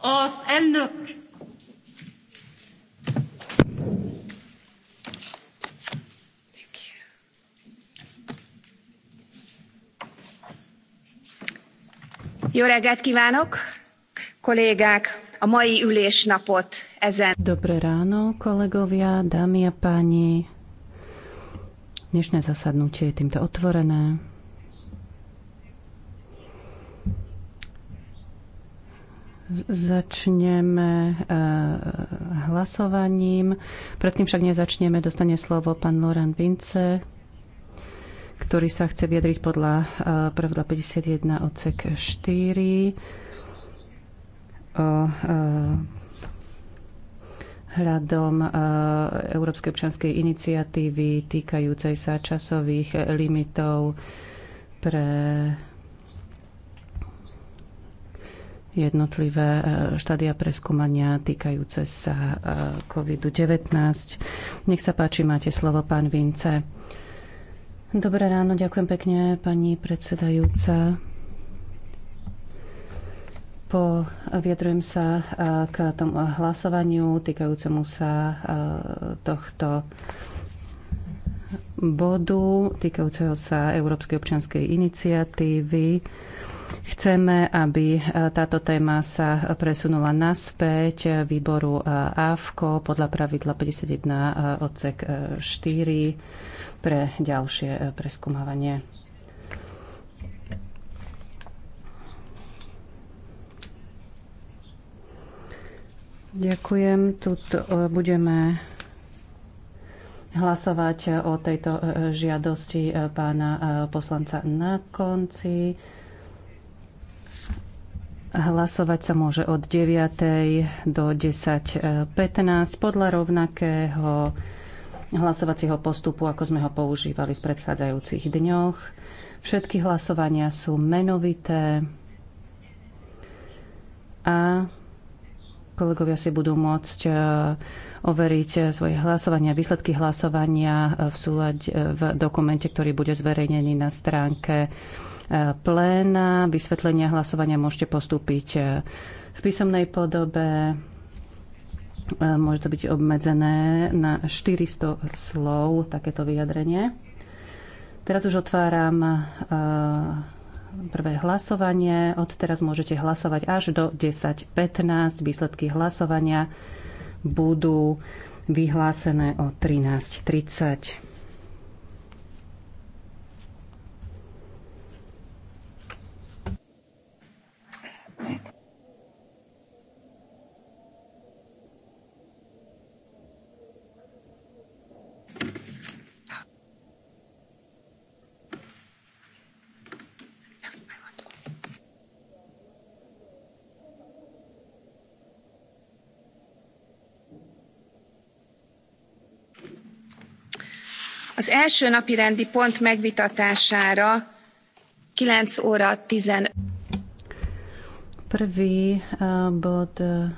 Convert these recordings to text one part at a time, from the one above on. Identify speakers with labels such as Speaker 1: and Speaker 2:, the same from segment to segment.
Speaker 1: Az elnök
Speaker 2: Jó reggelt kívánok, kollégák! A mai ülésnapot ezen... Dobré ráno, kolegovia, dámy a páni. Dnešné zasadnutie je týmto otvorené. Začneme eh, hlasovaním. Predtým však nezačneme, dostane slovo pán Loran Vince, ktorý sa chce vyjadriť podľa eh, pravidla 51 odsek 4 o eh, hľadom Európskej občianskej iniciatívy týkajúcej sa časových limitov pre jednotlivé e, štádia preskúmania týkajúce sa e, COVID-19. Nech sa páči, máte slovo, pán Vince. Dobré ráno, ďakujem pekne, pani predsedajúca. Po, vyjadrujem sa e, k tomu hlasovaniu týkajúcemu sa tohto bodu týkajúceho sa Európskej občianskej iniciatívy. Chceme, aby e, táto téma sa presunula naspäť výboru e, AFKO podľa pravidla 51 e, odsek 4 pre ďalšie preskúmavanie. Ďakujem. Tu budeme hlasovať o tejto žiadosti pána poslanca na konci. Hlasovať sa môže od 9. do 10.15 podľa rovnakého hlasovacieho postupu, ako sme ho používali v predchádzajúcich dňoch. Všetky hlasovania sú menovité a kolegovia si budú môcť e, overiť svoje hlasovania, výsledky hlasovania v súľade v dokumente, ktorý bude zverejnený na stránke pléna. Vysvetlenia hlasovania môžete postúpiť e, v písomnej podobe. E, môže to byť obmedzené na 400 slov, takéto vyjadrenie. Teraz už otváram e, prvé hlasovanie. Od teraz môžete hlasovať až do 10.15. Výsledky hlasovania budú vyhlásené o 13.30. az első napirendi pont megvitatására 9 óra 15. Prvý eh, bod eh,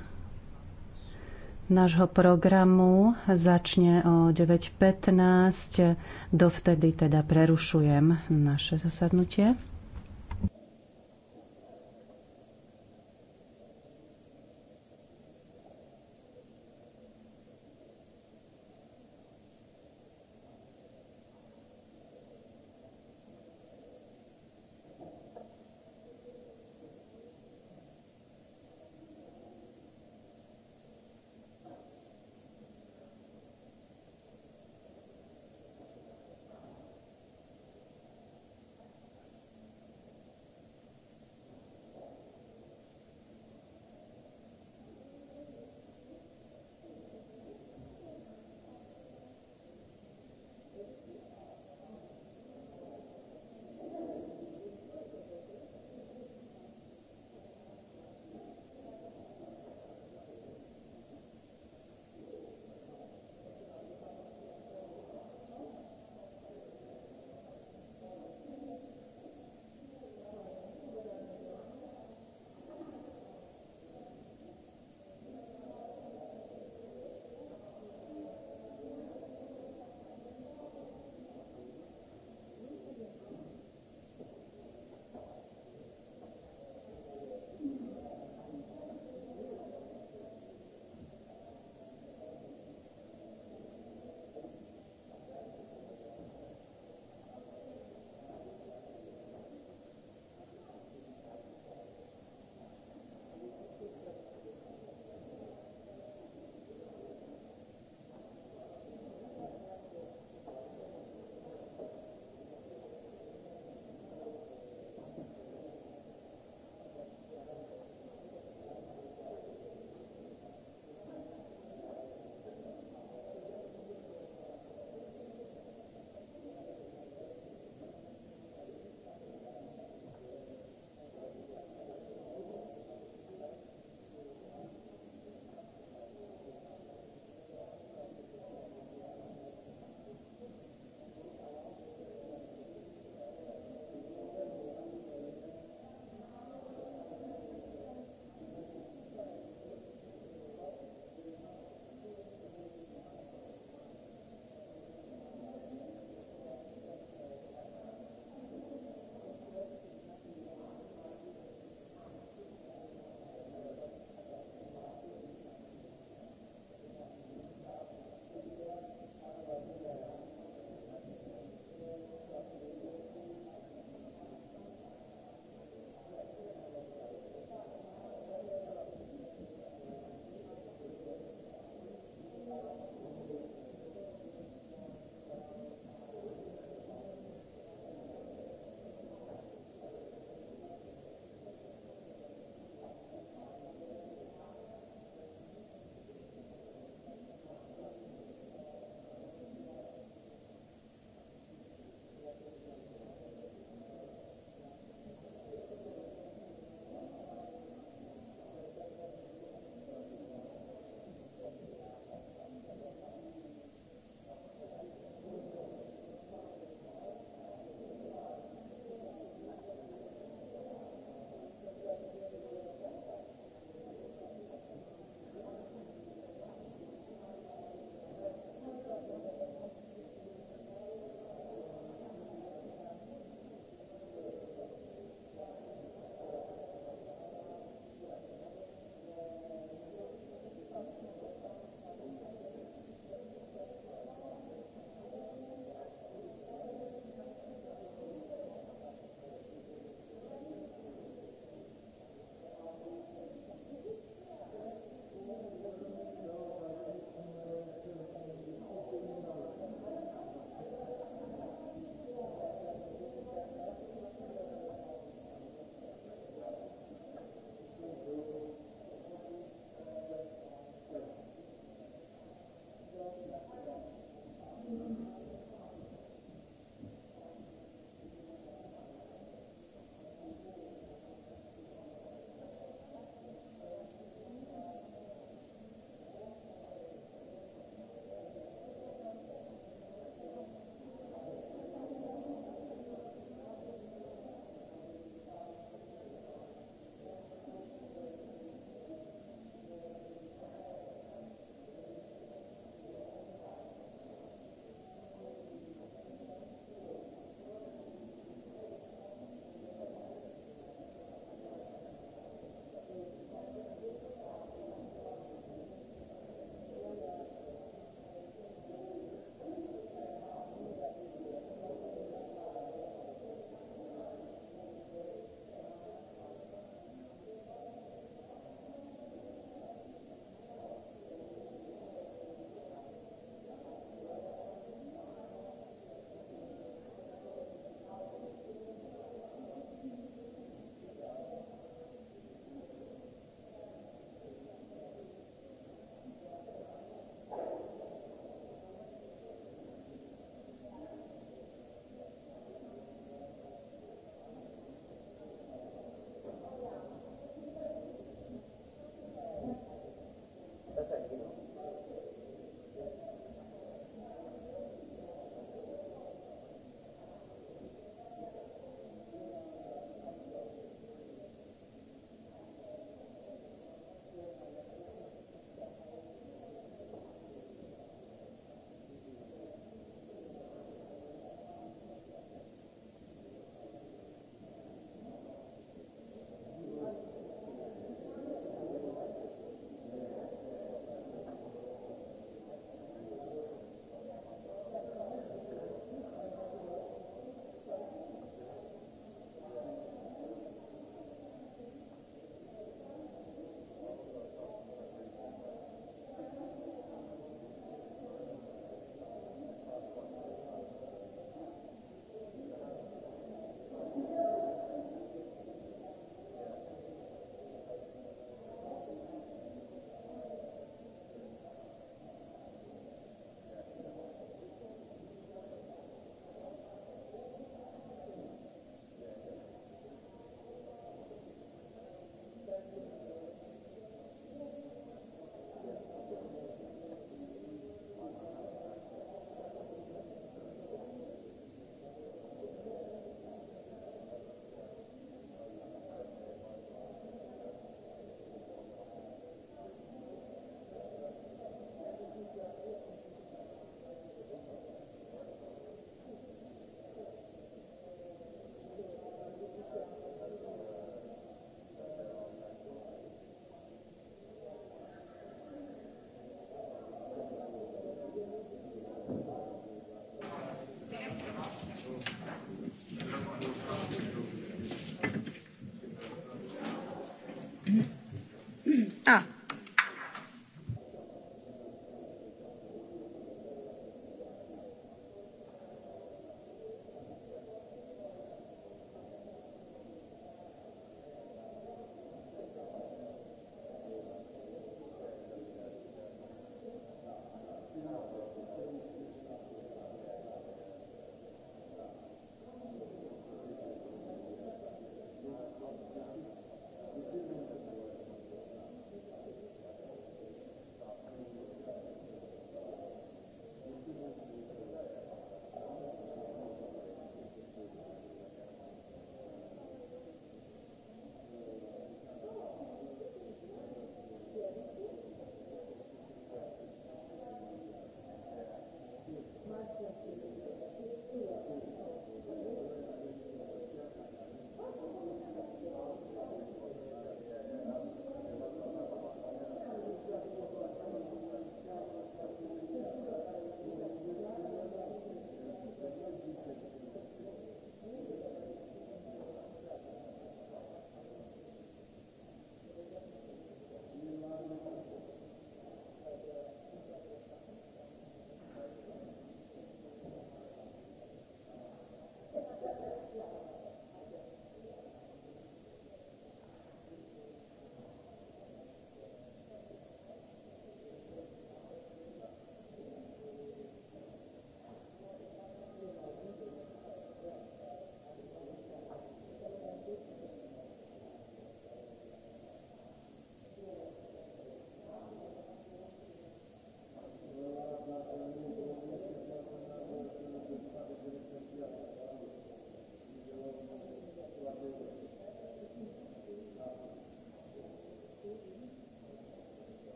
Speaker 2: nášho programu začne o 9.15. Dovtedy teda prerušujem naše zasadnutie.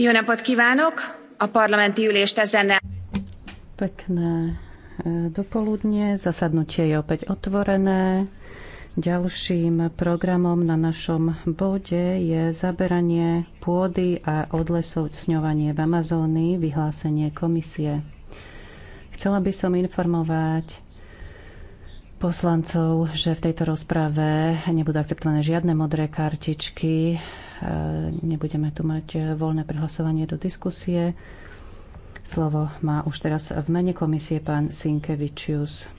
Speaker 2: Jó napot kívánok! A parlamenti ülést ezennel... Pekné e, dopoludne. Zasadnutie je opäť otvorené. Ďalším programom na našom bode je zaberanie pôdy a odlesovcňovanie v Amazónii, vyhlásenie komisie. Chcela by som informovať poslancov, že v tejto rozprave nebudú akceptované žiadne modré kartičky E, nebudeme tu mať e, voľné prihlasovanie do diskusie. Slovo má už teraz v mene komisie pán Sinkevičius.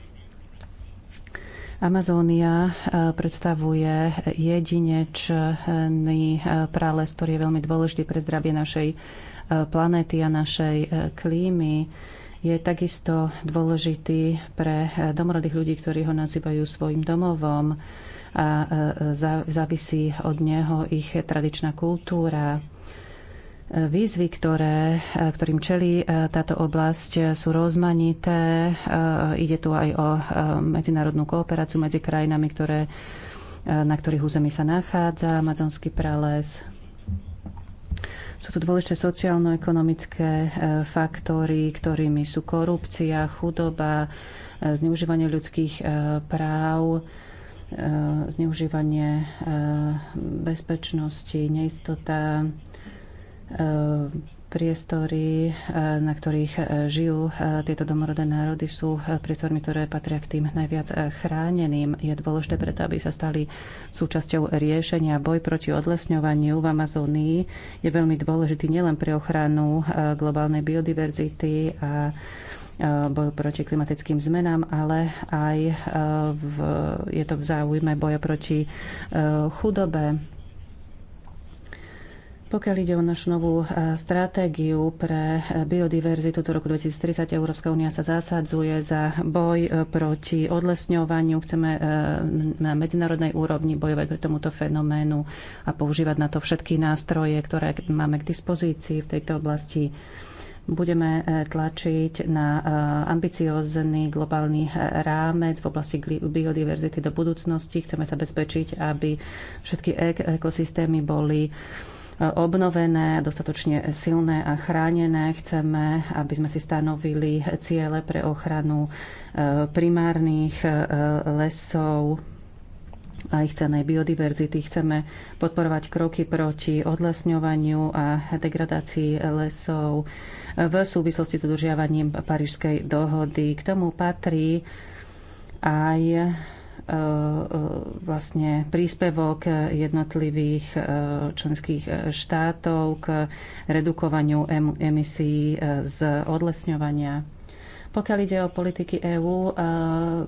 Speaker 2: Amazónia e, predstavuje jedinečný prales, ktorý je veľmi dôležitý pre zdravie našej planéty a našej klímy je takisto dôležitý pre eh, domorodých ľudí, ktorí ho nazývajú svojim domovom a eh, závisí od neho ich tradičná kultúra. Eh, výzvy, ktoré, ktorým čelí táto oblasť, sú rozmanité. Ide tu aj o medzinárodnú kooperáciu medzi krajinami, ktoré, na ktorých území sa nachádza amazonský prales, sú tu dôležité sociálno-ekonomické e, faktory, ktorými sú korupcia, chudoba, e, zneužívanie ľudských e, práv, zneužívanie bezpečnosti, neistota, priestory, eh, na ktorých eh, žijú eh, tieto domorodé národy, sú priestormi, ktoré patria k tým najviac chráneným. Je dôležité preto, aby sa stali súčasťou riešenia. Boj proti odlesňovaniu v Amazónii je veľmi dôležitý nielen pre ochranu globálnej biodiverzity a boju proti klimatickým zmenám, ale aj v, je to v záujme boja proti chudobe, pokiaľ ide o našu novú e, stratégiu pre e, biodiverzitu do roku 2030, Európska únia sa zasadzuje za boj e, proti odlesňovaniu. Chceme na medzinárodnej úrovni bojovať pre tomuto fenoménu a používať na to všetky nástroje, ktoré máme k dispozícii v tejto oblasti budeme tlačiť na ambiciózny globálny rámec v oblasti biodiverzity do budúcnosti. Chceme sa bezpečiť, aby všetky ekosystémy boli obnovené, dostatočne silné a chránené. Chceme, aby sme si stanovili ciele pre ochranu e, primárnych e, lesov, a ich cenej biodiverzity. Chceme podporovať kroky proti odlesňovaniu a degradácii lesov v súvislosti s dodržiavaním Parížskej dohody. K tomu patrí aj E, e, vlastne príspevok jednotlivých e, členských štátov k redukovaniu emisí z odlesňovania. Pokiaľ ide o politiky EÚ,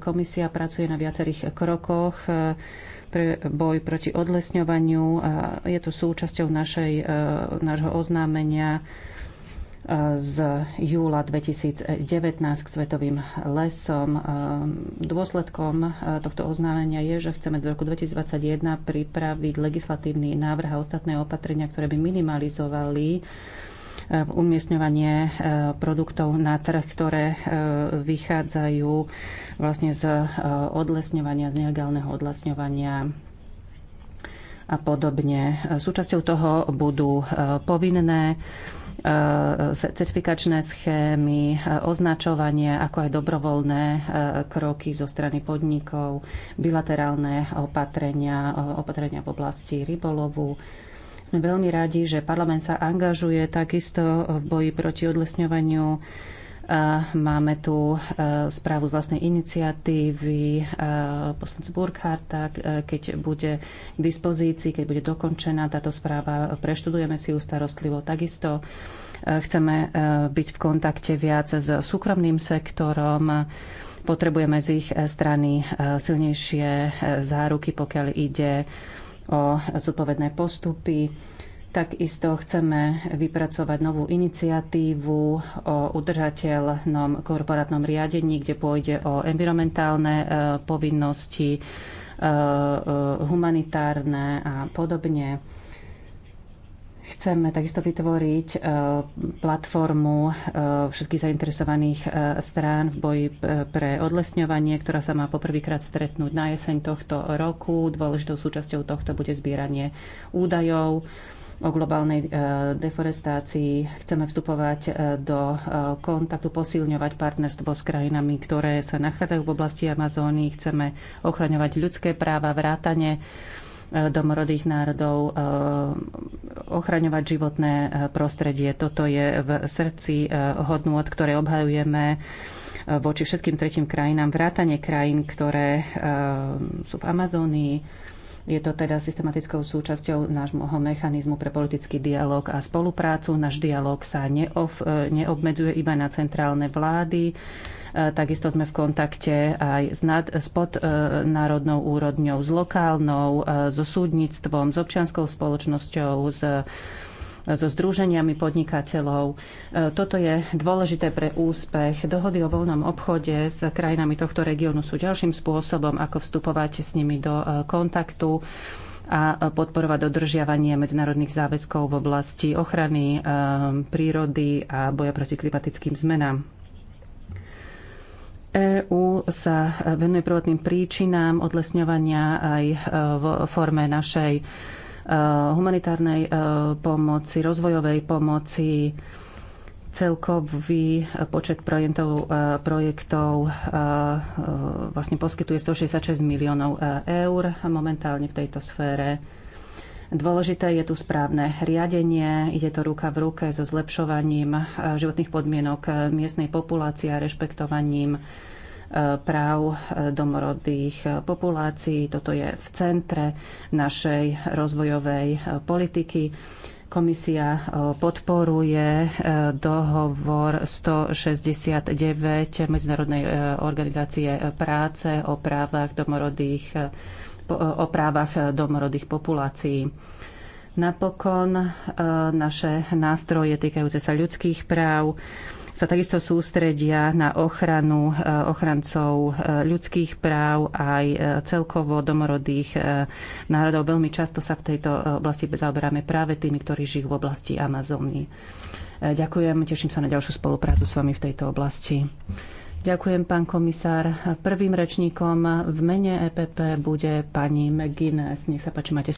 Speaker 2: komisia pracuje na viacerých krokoch pre boj proti odlesňovaniu. Je to súčasťou našej, nášho oznámenia z júla 2019 k Svetovým lesom. Ehm, dôsledkom e, tohto oznámenia je, že chceme do roku 2021 pripraviť legislatívny návrh a ostatné opatrenia, ktoré by minimalizovali e, umiestňovanie e, produktov na trh, ktoré vychádzajú vlastne z odlesňovania, z nelegálneho odlesňovania a podobne. Súčasťou toho budú povinné Eh, certifikačné schémy, eh, označovanie, ako aj dobrovoľné eh, kroky zo strany podnikov, bilaterálne opatrenia, opatrenia v oblasti rybolovu. Sme veľmi radi, že parlament sa angažuje takisto v boji proti odlesňovaniu Máme tu e, správu z vlastnej iniciatívy e, poslanca Burkharta, e, keď bude k dispozícii, keď bude dokončená táto správa, preštudujeme si ju starostlivo takisto. Chceme byť v kontakte viac s súkromným sektorom, potrebujeme z ich strany silnejšie záruky, pokiaľ ide o zodpovedné postupy Takisto chceme vypracovať novú iniciatívu o udržateľnom korporátnom riadení, kde pôjde o environmentálne e, povinnosti, e, e, humanitárne a podobne. Chceme takisto vytvoriť platformu všetkých zainteresovaných strán v boji pre odlesňovanie, ktorá sa má poprvýkrát stretnúť na jeseň tohto roku. Dôležitou súčasťou tohto bude zbieranie údajov o globálnej e, deforestácii. Chceme vstupovať e, do e, kontaktu, posilňovať partnerstvo s krajinami, ktoré sa nachádzajú v oblasti Amazónii. Chceme ochraňovať ľudské práva, vrátane domorodých národov, ochraňovať životné prostredie. Toto je v srdci hodnôt, ktoré obhajujeme voči všetkým tretím krajinám, vrátane krajín, ktoré sú v Amazónii je to teda systematickou súčasťou nášho mechanizmu pre politický dialog a spoluprácu. Náš dialog sa neof, e, neobmedzuje iba na centrálne vlády. E, takisto sme v kontakte aj s, nad, s podnárodnou úrodňou, s lokálnou, e, so súdnictvom, s občianskou spoločnosťou, s so združeniami podnikateľov. E, toto je dôležité pre úspech. Dohody o voľnom obchode s krajinami tohto regiónu sú ďalším spôsobom, ako vstupovať s nimi do e, kontaktu a e, podporovať dodržiavanie medzinárodných záväzkov v oblasti ochrany prírody a boja proti klimatickým zmenám. EÚ sa venuje prvotným príčinám odlesňovania aj v forme našej Eh, humanitárnej eh, pomoci, rozvojovej pomoci, celkový eh, počet projektov, projektov vlastne poskytuje 166 miliónov eur momentálne v tejto sfére. Dôležité je tu správne riadenie, ide to ruka v ruke so zlepšovaním životných podmienok miestnej populácie a rešpektovaním práv eh, domorodých eh, populácií. Toto je v centre našej rozvojovej eh, politiky. Komisia podporuje dohovor 169 Medzinárodnej organizácie práce o právach domorodých, o právach domorodých populácií. Napokon naše nástroje týkajúce sa ľudských práv sa takisto sústredia na ochranu e, ochrancov e, ľudských práv aj e, celkovo domorodých národov. Veľmi často sa v tejto oblasti zaoberáme práve tými, ktorí žijú v oblasti Amazóny. Ďakujem, teším sa na ďalšiu spoluprácu s vami v tejto oblasti. Ďakujem, pán komisár. Prvým rečníkom v mene EPP bude pani McGuinness. Nech sa páči, máte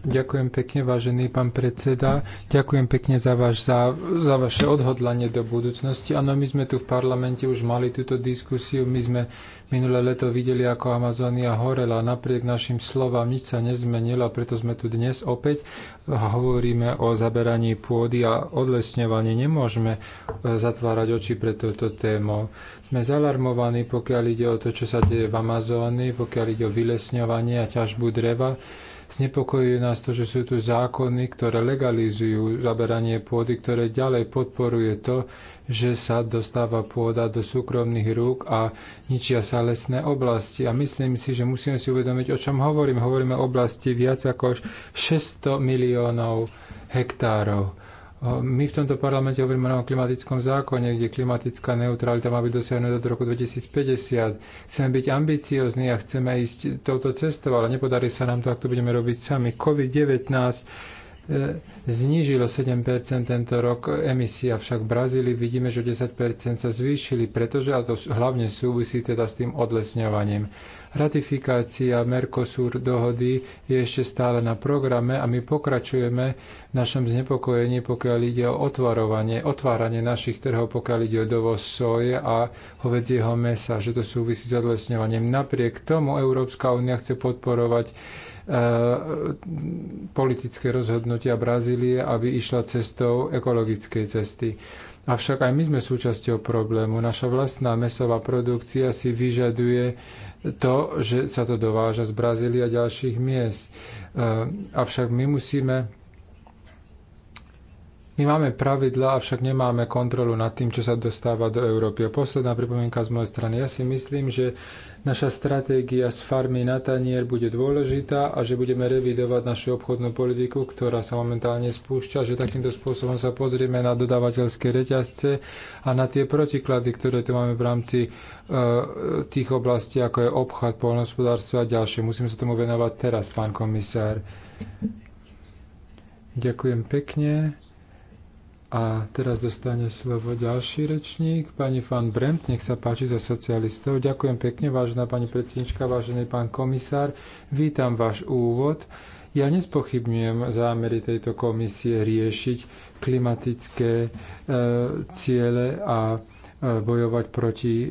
Speaker 1: Ďakujem pekne, vážený pán predseda. Ďakujem pekne za, vaš, za, za vaše odhodlanie do budúcnosti. Áno, my sme tu v parlamente už mali túto diskusiu. My sme minulé leto videli, ako Amazónia horela. Napriek našim slovám nič sa nezmenilo, preto sme tu dnes opäť. Hovoríme o zaberaní pôdy a odlesňovaní. Nemôžeme e, zatvárať oči pre toto tému. Sme zalarmovaní, pokiaľ ide o to, čo sa deje v Amazónii, pokiaľ ide o vylesňovanie a ťažbu dreva Znepokojuje nás to, že sú tu zákony, ktoré legalizujú zaberanie pôdy, ktoré ďalej podporuje to, že sa dostáva pôda do súkromných rúk a ničia sa lesné oblasti. A myslím si, že musíme si uvedomiť, o čom hovorím. Hovoríme o oblasti viac ako 600 miliónov hektárov my v tomto parlamente hovoríme o klimatickom zákone, kde klimatická neutralita má byť dosiahnutá do roku 2050. Chceme byť ambiciozní a chceme ísť touto cestou, ale nepodarí sa nám to, ak to budeme robiť sami. COVID-19 znížilo 7 tento rok emisia, avšak v Brazílii vidíme, že 10 sa zvýšili, pretože, a to hlavne súvisí teda s tým odlesňovaním. Ratifikácia Mercosur dohody je ešte stále na programe a my pokračujeme v našom znepokojení, pokiaľ ide o otvarovanie, otváranie našich trhov, pokiaľ ide o dovoz soje a hovedzieho mesa, že to súvisí s odlesňovaním. Napriek tomu Európska únia chce podporovať e, politické rozhodnutia Brazílie Brazílie, aby išla cestou ekologickej cesty. Avšak aj my sme súčasťou problému. Naša vlastná mesová produkcia si vyžaduje to, že sa to dováža z Brazílie a ďalších miest. E, avšak my musíme my máme pravidla, avšak nemáme kontrolu nad tým, čo sa dostáva do Európy. A posledná pripomienka z mojej strany. Ja si myslím, že naša stratégia z farmy na tanier bude dôležitá a že budeme revidovať našu obchodnú politiku, ktorá sa momentálne spúšťa, že takýmto spôsobom sa pozrieme na dodávateľské reťazce a na tie protiklady, ktoré tu máme v rámci e, tých oblastí, ako je obchod, poľnohospodárstvo a ďalšie. Musíme sa tomu venovať teraz, pán komisár. Ďakujem pekne. A teraz dostane slovo ďalší rečník, pani Fan Bremt, nech sa páči za socialistov. Ďakujem pekne, vážená pani predsednička, vážený pán komisár. Vítam váš úvod. Ja nespochybňujem zámery tejto komisie riešiť klimatické e, ciele a e, bojovať proti e,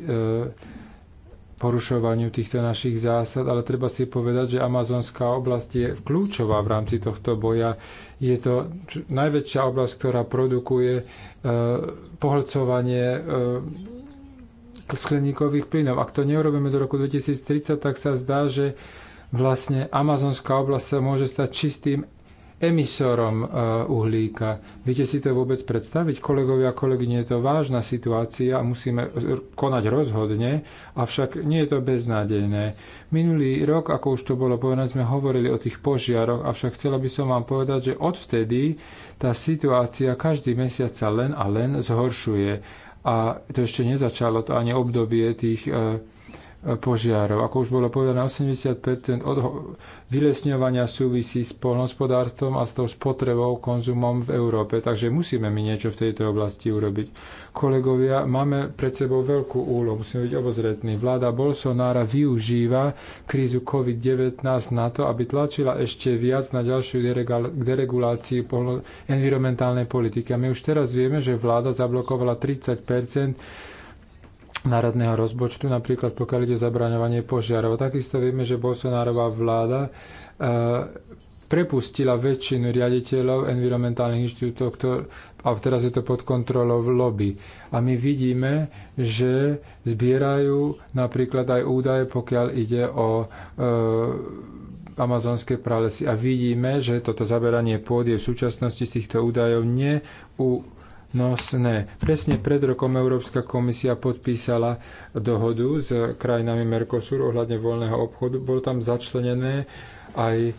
Speaker 1: porušovaniu týchto našich zásad, ale treba si povedať, že amazonská oblasť je kľúčová v rámci tohto boja. Je to najväčšia oblasť, ktorá produkuje e, pohľcovanie e, skleníkových plynov. Ak to neurobíme do roku 2030, tak sa zdá, že vlastne amazonská oblasť sa môže stať čistým emisorom e, uhlíka. Viete si to vôbec predstaviť? Kolegovia a kolegyne, je to vážna situácia a musíme konať rozhodne, avšak nie je to beznádejné. Minulý rok, ako už to bolo povedané, sme hovorili o tých požiaroch, avšak chcela by som vám povedať, že odvtedy tá situácia každý mesiac sa len a len zhoršuje. A to ešte nezačalo, to ani obdobie tých e, požiarov. Ako už bolo povedané, 85 od vylesňovania súvisí s polnospodárstvom a s tou spotrebou, konzumom v Európe. Takže musíme my niečo v tejto oblasti urobiť. Kolegovia, máme pred sebou veľkú úlohu, musíme byť obozretní. Vláda Bolsonára využíva krízu COVID-19 na to, aby tlačila ešte viac na ďalšiu dereguláciu environmentálnej politiky. A my už teraz vieme, že vláda zablokovala 30 národného rozpočtu, napríklad pokiaľ ide zabraňovanie požiarov. Takisto vieme, že Bolsonárová vláda eh, prepustila väčšinu riaditeľov environmentálnych inštitútov, a teraz je to pod kontrolou lobby. A my vidíme, že zbierajú napríklad aj údaje, pokiaľ ide o e, amazonské pralesy. A vidíme, že toto zaberanie pôdy je v súčasnosti z týchto údajov neu nosné. Presne pred rokom Európska komisia podpísala dohodu s krajinami Mercosur ohľadne voľného obchodu. Bol tam začlenené aj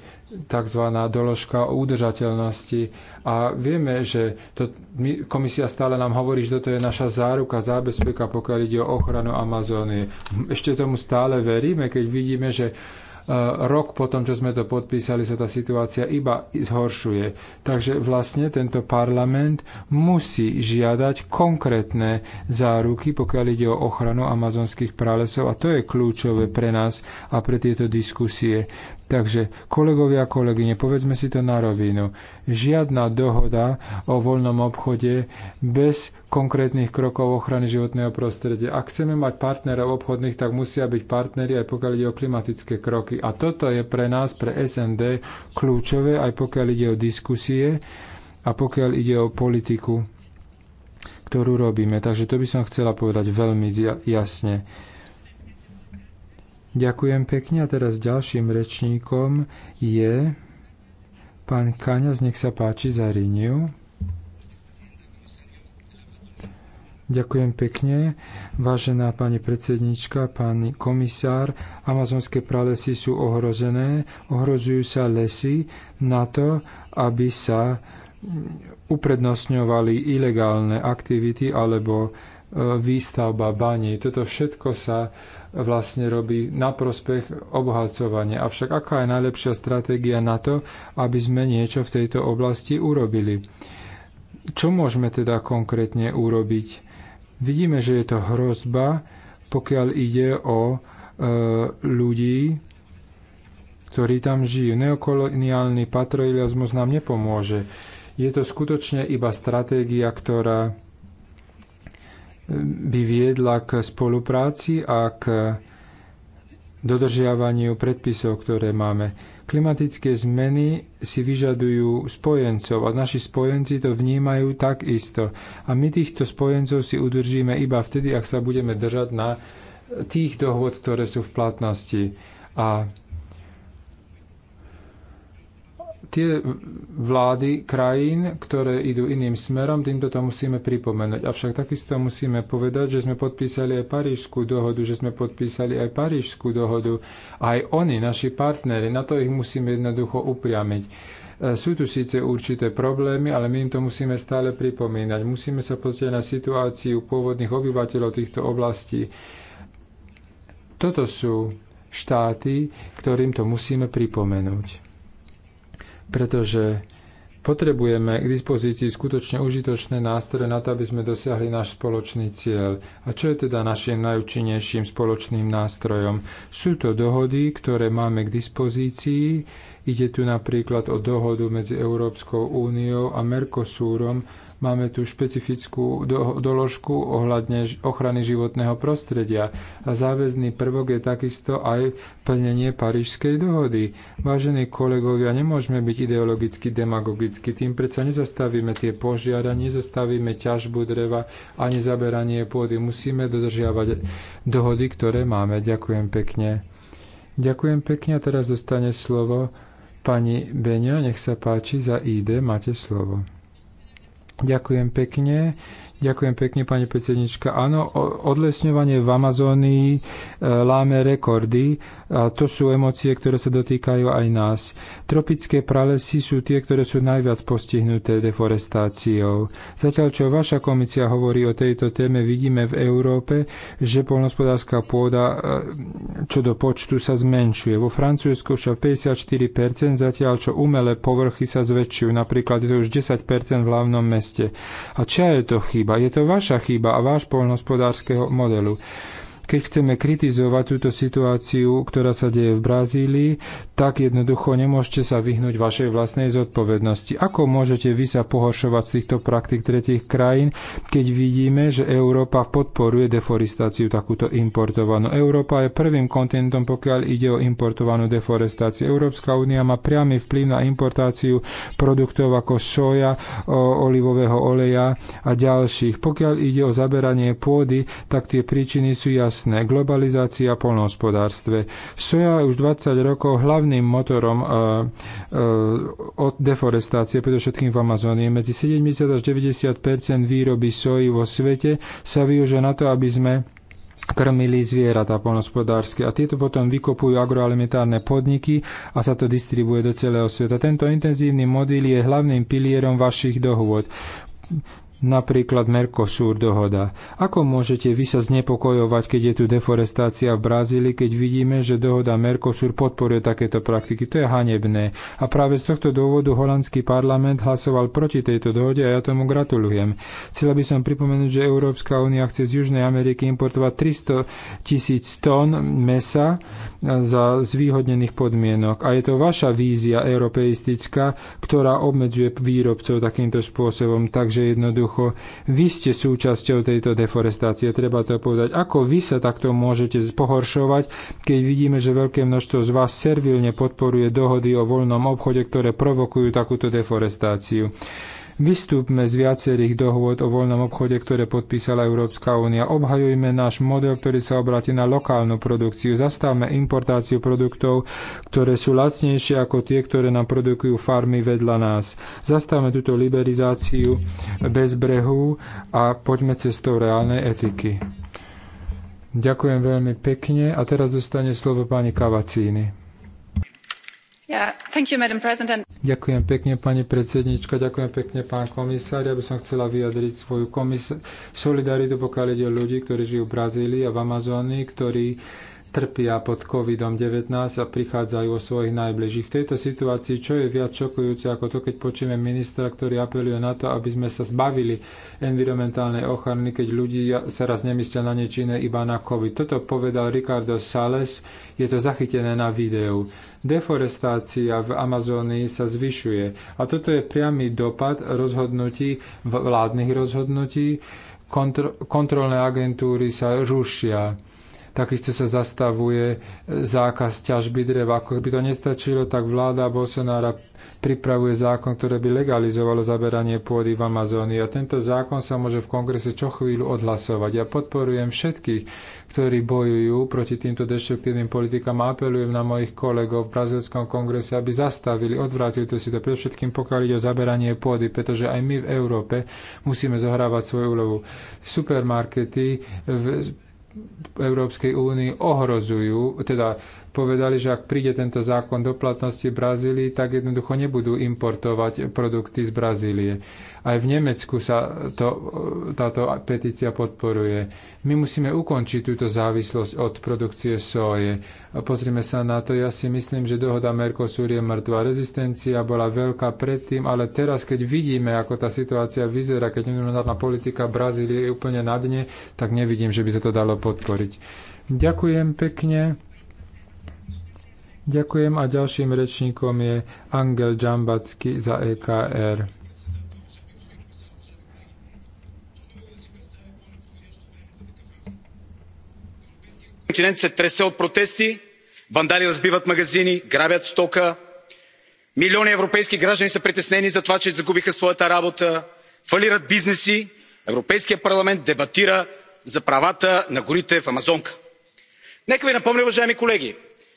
Speaker 1: tzv. doložka o udržateľnosti. A vieme, že to, my, komisia stále nám hovorí, že toto je naša záruka, zábezpeka, pokiaľ ide o ochranu Amazónie. Ešte tomu stále veríme, keď vidíme, že rok potom, čo sme to podpísali, sa tá situácia iba zhoršuje. Takže vlastne tento parlament musí žiadať konkrétne záruky, pokiaľ ide o ochranu amazonských pralesov a to je kľúčové pre nás a pre tieto diskusie. Takže kolegovia a kolegyne, povedzme si to na rovinu. Žiadna dohoda o voľnom obchode bez konkrétnych krokov ochrany životného prostredia. Ak chceme mať partnerov obchodných, tak musia byť partneri aj pokiaľ ide o klimatické kroky. A toto je pre nás, pre SND, kľúčové aj pokiaľ ide o diskusie a pokiaľ ide o politiku, ktorú robíme. Takže to by som chcela povedať veľmi jasne. Ďakujem pekne a teraz ďalším rečníkom je pán Kaňaz, nech sa páči za Riniu. Ďakujem pekne. Vážená pani predsednička, pán komisár, amazonské pralesy sú ohrozené. Ohrozujú sa lesy na to, aby sa uprednostňovali ilegálne aktivity alebo výstavba baní. Toto všetko sa vlastne robí na prospech obohacovania. Avšak aká je najlepšia stratégia na to, aby sme niečo v tejto oblasti urobili? Čo môžeme teda konkrétne urobiť? Vidíme, že je to hrozba, pokiaľ ide o e, ľudí, ktorí tam žijú. Neokoloniálny patrojilizmus nám nepomôže. Je to skutočne iba stratégia, ktorá by viedla k spolupráci a k dodržiavaniu predpisov, ktoré máme. Klimatické zmeny si vyžadujú spojencov a naši spojenci to vnímajú takisto. A my týchto spojencov si udržíme iba vtedy, ak sa budeme držať na tých dohod, ktoré sú v platnosti. A tie vlády krajín, ktoré idú iným smerom, týmto to musíme pripomenúť. Avšak takisto musíme povedať, že sme podpísali aj Parížskú dohodu, že sme podpísali aj Parížskú dohodu. Aj oni, naši partnery, na to ich musíme jednoducho upriamiť. E, sú tu síce určité problémy, ale my im to musíme stále pripomínať. Musíme sa pozrieť na situáciu pôvodných obyvateľov týchto oblastí. Toto sú štáty, ktorým to musíme pripomenúť pretože potrebujeme k dispozícii skutočne užitočné nástroje na to, aby sme dosiahli náš spoločný cieľ. A čo je teda našim najúčinnejším spoločným nástrojom? Sú to dohody, ktoré máme k dispozícii, Ide tu napríklad o dohodu medzi Európskou úniou a Mercosúrom. Máme tu špecifickú do, doložku ohľadne ochrany životného prostredia a záväzný prvok je takisto aj plnenie Parížskej dohody. Vážení kolegovia, nemôžeme byť ideologicky demagogicky, tým predsa nezastavíme tie požiara, nezastavíme ťažbu dreva ani zaberanie pôdy. Musíme dodržiavať dohody, ktoré máme. Ďakujem pekne. Ďakujem pekne a teraz dostane slovo Pani Beňo, nech sa páči, za ID máte slovo. Ďakujem pekne. Ďakujem pekne, pani predsednička. Áno, odlesňovanie v Amazónii e, láme rekordy a to sú emócie, ktoré sa dotýkajú aj nás. Tropické pralesy sú tie, ktoré sú najviac postihnuté deforestáciou. Zatiaľ, čo vaša komisia hovorí o tejto téme, vidíme v Európe, že polnospodárska pôda e, čo do počtu sa zmenšuje. Vo Francúzsku však 54%, zatiaľ, čo umelé povrchy sa zväčšujú. Napríklad je to už 10% v hlavnom meste. A čo je to chyba? chyba. Je to vaša chyba a váš poľnohospodárskeho modelu. Keď chceme kritizovať túto situáciu, ktorá sa deje v Brazílii, tak jednoducho nemôžete sa vyhnúť vašej vlastnej zodpovednosti. Ako môžete vy sa pohoršovať z týchto praktik tretich krajín, keď vidíme, že Európa podporuje deforestáciu takúto importovanú? Európa je prvým kontinentom, pokiaľ ide o importovanú deforestáciu. Európska únia má priamy vplyv na importáciu produktov ako soja, olivového oleja a ďalších. Pokiaľ ide o zaberanie pôdy, tak tie príčiny sú jasné jasné. Globalizácia v polnohospodárstve. Soja je už 20 rokov hlavným motorom e, e, od deforestácie, predovšetkým v Amazónii. Medzi 70 až 90 výroby soji vo svete sa využia na to, aby sme krmili zvieratá polnospodárske a tieto potom vykopujú agroalimentárne podniky a sa to distribuje do celého sveta. Tento intenzívny model je hlavným pilierom vašich dohôd napríklad Mercosur dohoda. Ako môžete vy sa znepokojovať, keď je tu deforestácia v Brazílii, keď vidíme, že dohoda Mercosur podporuje takéto praktiky? To je hanebné. A práve z tohto dôvodu holandský parlament hlasoval proti tejto dohode a ja tomu gratulujem. Chcela by som pripomenúť, že Európska únia chce z Južnej Ameriky importovať 300 tisíc tón mesa za zvýhodnených podmienok. A je to vaša vízia europeistická, ktorá obmedzuje výrobcov takýmto spôsobom. Takže jednoducho Jednoducho, vy ste súčasťou tejto deforestácie, treba to povedať. Ako vy sa takto môžete pohoršovať, keď vidíme, že veľké množstvo z vás servilne podporuje dohody o voľnom obchode, ktoré provokujú takúto deforestáciu. Vystúpme z viacerých dohôd o voľnom obchode, ktoré podpísala Európska únia. Obhajujme náš model, ktorý sa obráti na lokálnu produkciu. Zastavme importáciu produktov, ktoré sú lacnejšie ako tie, ktoré nám produkujú farmy vedľa nás. Zastavme túto liberizáciu bez brehu a poďme cestou reálnej etiky. Ďakujem veľmi pekne a teraz dostane slovo pani Kavacíny.
Speaker 2: Yeah, you,
Speaker 1: Ďakujem pekne, pani predsednička, ďakujem pekne, pán komisár. Ja by som chcela vyjadriť svoju solidaritu, pokiaľ ide o ľudí, ktorí žijú v Brazílii a v Amazónii, ktorí trpia pod COVID-19 a prichádzajú o svojich najbližších. V tejto situácii, čo je viac šokujúce ako to, keď počujeme ministra, ktorý apeluje na to, aby sme sa zbavili environmentálnej ochrany, keď ľudí sa raz nemyslia na nič iné, iba na COVID. Toto povedal Ricardo Sales, je to zachytené na videu. Deforestácia v Amazónii sa zvyšuje a toto je priamy dopad rozhodnutí, vládnych rozhodnutí, Kontro kontrolné agentúry sa rušia Takisto sa zastavuje e, zákaz ťažby drev. Ako by to nestačilo, tak vláda Bolsonára pripravuje zákon, ktoré by legalizovalo zaberanie pôdy v Amazónii. A tento zákon sa môže v kongrese čo chvíľu odhlasovať. Ja podporujem všetkých, ktorí bojujú proti týmto deštruktívnym politikám a apelujem na mojich kolegov v brazilskom kongrese, aby zastavili, odvrátili to si to predovšetkým, pokiaľ ide o zaberanie pôdy, pretože aj my v Európe musíme zohrávať svoju úlohu. Supermarkety v Európskej únii ohrozujú, teda povedali, že ak príde tento zákon do platnosti v Brazílii, tak jednoducho nebudú importovať produkty z Brazílie. Aj v Nemecku sa to, táto petícia podporuje. My musíme ukončiť túto závislosť od produkcie soje. Pozrime sa na to. Ja si myslím, že dohoda Mercosur je mŕtva. Rezistencia bola veľká predtým, ale teraz, keď vidíme, ako tá situácia vyzerá, keď medzinárodná politika Brazílie je úplne na dne, tak nevidím, že by sa to dalo podporiť. Ďakujem pekne. Ďakujem a ďalším rečníkom je Angel Džambacky za EKR.
Speaker 2: континент се тресе от протести, вандали разбиват магазини, грабят стока. Милиони европейски граждани са притеснени за това, че загубиха своята работа, фалират бизнеси. Европейският парламент дебатира за правата на горите в Амазонка. Нека ви напомня, уважаеми колеги,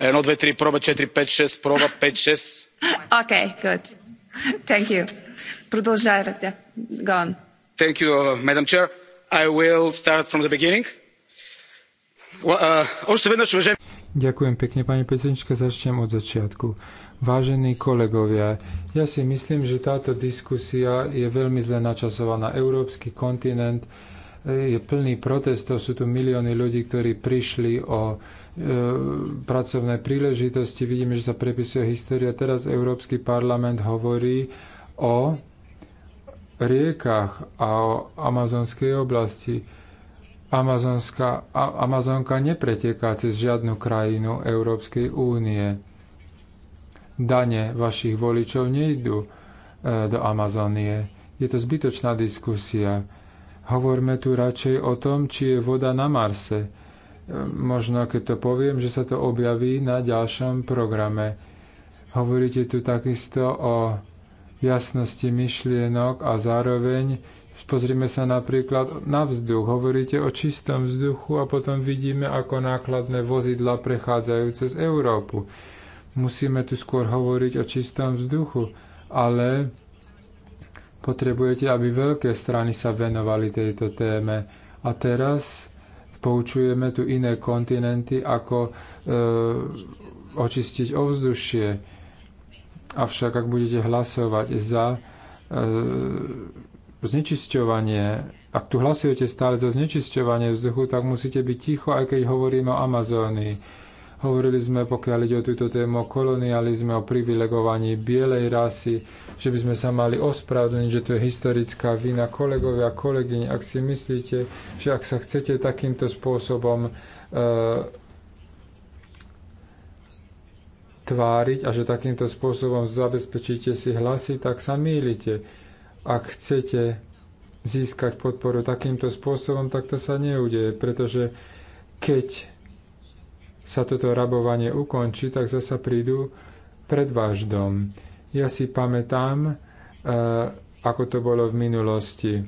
Speaker 2: jedno eh, dve tri proba četiri pet šest proba pet šest. okay good thank you go
Speaker 3: on thank you uh, madam chair i will start from the beginning uh,
Speaker 1: Ďakujem pekne, pani predsednička, začnem od začiatku. Vážení kolegovia, ja si myslím, že táto diskusia je veľmi zle načasovaná. Európsky kontinent eh, je plný protestov, sú tu milióny ľudí, ktorí prišli o E, pracovné príležitosti, vidíme, že sa prepisuje história. Teraz Európsky parlament hovorí o riekach a o amazonskej oblasti. Amazonska, a, Amazonka nepreteká cez žiadnu krajinu Európskej únie. Dane vašich voličov nejdu e, do Amazonie. Je to zbytočná diskusia. Hovorme tu radšej o tom, či je voda na Marse možno keď to poviem, že sa to objaví na ďalšom programe. Hovoríte tu takisto o jasnosti myšlienok a zároveň pozrieme sa napríklad na vzduch. Hovoríte o čistom vzduchu a potom vidíme, ako nákladné vozidla prechádzajú cez Európu. Musíme tu skôr hovoriť o čistom vzduchu, ale potrebujete, aby veľké strany sa venovali tejto téme. A teraz poučujeme tu iné kontinenty, ako e, očistiť ovzdušie. Avšak ak budete hlasovať za e, znečisťovanie, ak tu hlasujete stále za znečisťovanie vzduchu, tak musíte byť ticho, aj keď hovoríme o Amazónii Hovorili sme, pokiaľ ide o túto tému, o kolonializme, o privilegovaní bielej rasy, že by sme sa mali ospravedlniť, že to je historická vina. Kolegovia a kolegyň, ak si myslíte, že ak sa chcete takýmto spôsobom e, tváriť a že takýmto spôsobom zabezpečíte si hlasy, tak sa mýlite. Ak chcete získať podporu takýmto spôsobom, tak to sa neudeje, pretože keď sa toto rabovanie ukončí, tak zasa prídu pred váš dom. Ja si pamätám, e, ako to bolo v minulosti.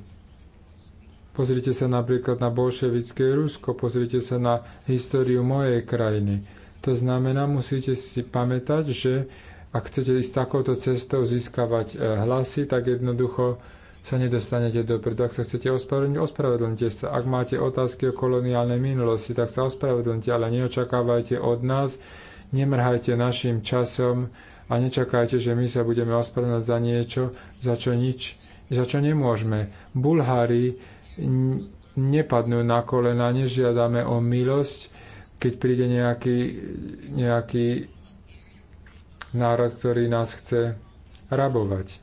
Speaker 1: Pozrite sa napríklad na bolševické Rusko, pozrite sa na históriu mojej krajiny. To znamená, musíte si pamätať, že ak chcete ísť takouto cestou získavať e, hlasy, tak jednoducho sa nedostanete dopredu. Ak sa chcete ospravedlniť, ospravedlňte sa. Ak máte otázky o koloniálnej minulosti, tak sa ospravedlnite, ale neočakávajte od nás, nemrhajte našim časom a nečakajte, že my sa budeme ospravedlňovať za niečo, za čo nič, za čo nemôžeme. Bulhári nepadnú na kolena, nežiadame o milosť, keď príde nejaký, nejaký národ, ktorý nás chce rabovať.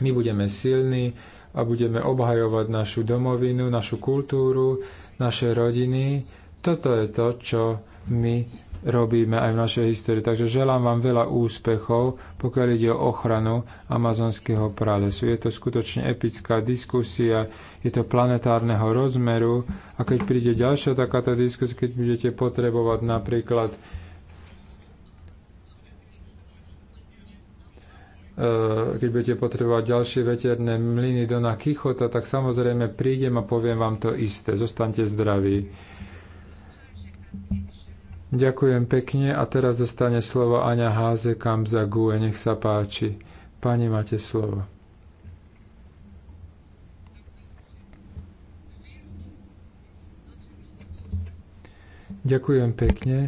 Speaker 1: My budeme silní a budeme obhajovať našu domovinu, našu kultúru, naše rodiny. Toto je to, čo my robíme aj v našej histórii. Takže želám vám veľa úspechov, pokiaľ ide o ochranu amazonského pralesu. Je to skutočne epická diskusia, je to planetárneho rozmeru a keď príde ďalšia takáto diskusia, keď budete potrebovať napríklad E, keď budete potrebovať ďalšie veterné mlyny do Kichota, tak samozrejme prídem a poviem vám to isté. Zostaňte zdraví. Ďakujem pekne a teraz dostane slovo Aňa Háze Kamza Gue. Nech sa páči. Pani, máte slovo. Ďakujem pekne.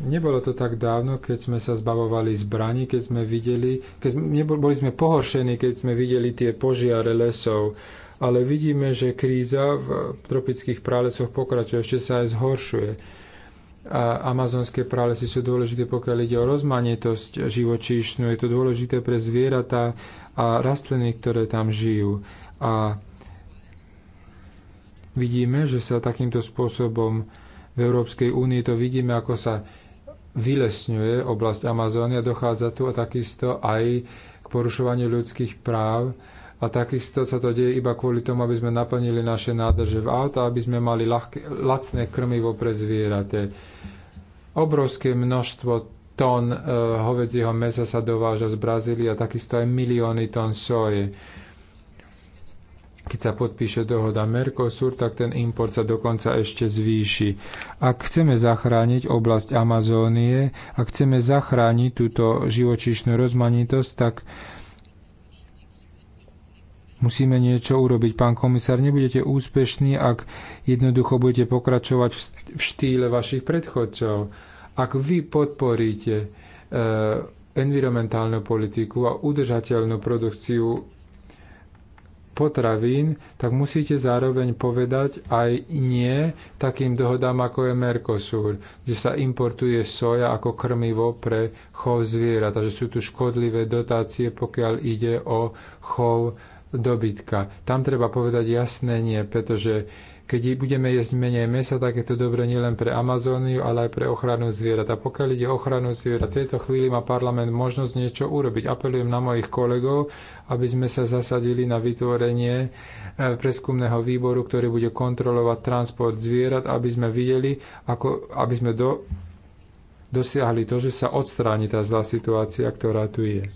Speaker 1: Nebolo to tak dávno, keď sme sa zbavovali zbraní, keď sme videli, keď sme, nebol, boli sme pohoršení, keď sme videli tie požiare lesov. Ale vidíme, že kríza v tropických pralesoch pokračuje, ešte sa aj zhoršuje. A amazonské pralesy sú dôležité, pokiaľ ide o rozmanitosť živočíšnu. Je to dôležité pre zvieratá a rastliny, ktoré tam žijú. A vidíme, že sa takýmto spôsobom v Európskej únii to vidíme, ako sa vylesňuje oblasť Amazónia, dochádza tu a takisto aj k porušovaniu ľudských práv a takisto sa to deje iba kvôli tomu, aby sme naplnili naše nádrže v auta, aby sme mali ľahké, lacné krmivo pre zvieraté. Obrovské množstvo tón e, hovedzieho mesa sa dováža z Brazílie a takisto aj milióny tón soje keď sa podpíše dohoda Mercosur, tak ten import sa dokonca ešte zvýši. Ak chceme zachrániť oblasť Amazónie, ak chceme zachrániť túto živočíšnu rozmanitosť, tak musíme niečo urobiť. Pán komisár, nebudete úspešní, ak jednoducho budete pokračovať v štýle vašich predchodcov. Ak vy podporíte e, environmentálnu politiku a udržateľnú produkciu potravín, tak musíte zároveň povedať aj nie takým dohodám ako je Mercosur, že sa importuje soja ako krmivo pre chov zvierat. Takže sú tu škodlivé dotácie, pokiaľ ide o chov dobytka. Tam treba povedať jasné nie, pretože keď budeme jesť menej mesa, tak je to dobre nielen pre Amazóniu, ale aj pre ochranu zvierat. A pokiaľ ide o ochranu zvierat, v tejto chvíli má parlament možnosť niečo urobiť. Apelujem na mojich kolegov, aby sme sa zasadili na vytvorenie e, preskumného výboru, ktorý bude kontrolovať transport zvierat, aby sme videli, ako, aby sme do, dosiahli to, že sa odstráni tá zlá situácia, ktorá tu je.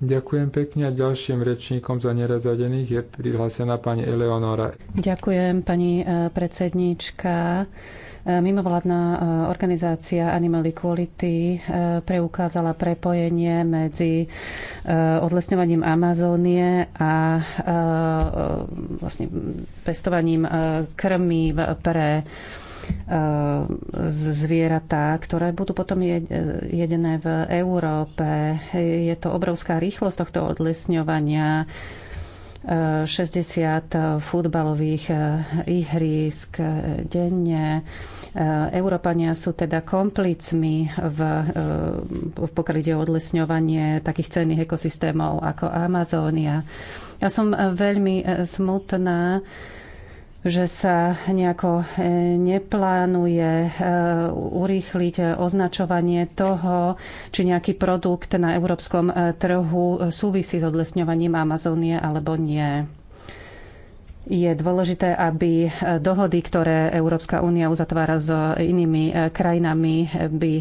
Speaker 1: Ďakujem pekne a ďalším rečníkom za nerezadených je prihlásená pani Eleonora.
Speaker 2: Ďakujem pani e, predsednička. E, mimovládna e, organizácia Animal Equality preukázala prepojenie medzi odlesňovaním Amazónie a vlastne pestovaním krmí pre zvieratá, ktoré budú potom jedené v Európe. Je to obrovská rýchlosť tohto odlesňovania. 60 futbalových eh, ihrisk eh, denne. Eh, Európania sú teda komplicmi v, v pokryte odlesňovanie takých cenných ekosystémov ako Amazónia. Ja som veľmi smutná, že sa nejako e, neplánuje e, urýchliť e, označovanie toho, či nejaký produkt na európskom trhu súvisí s odlesňovaním Amazónie alebo nie je dôležité, aby dohody, ktoré Európska únia uzatvára s inými e, krajinami, by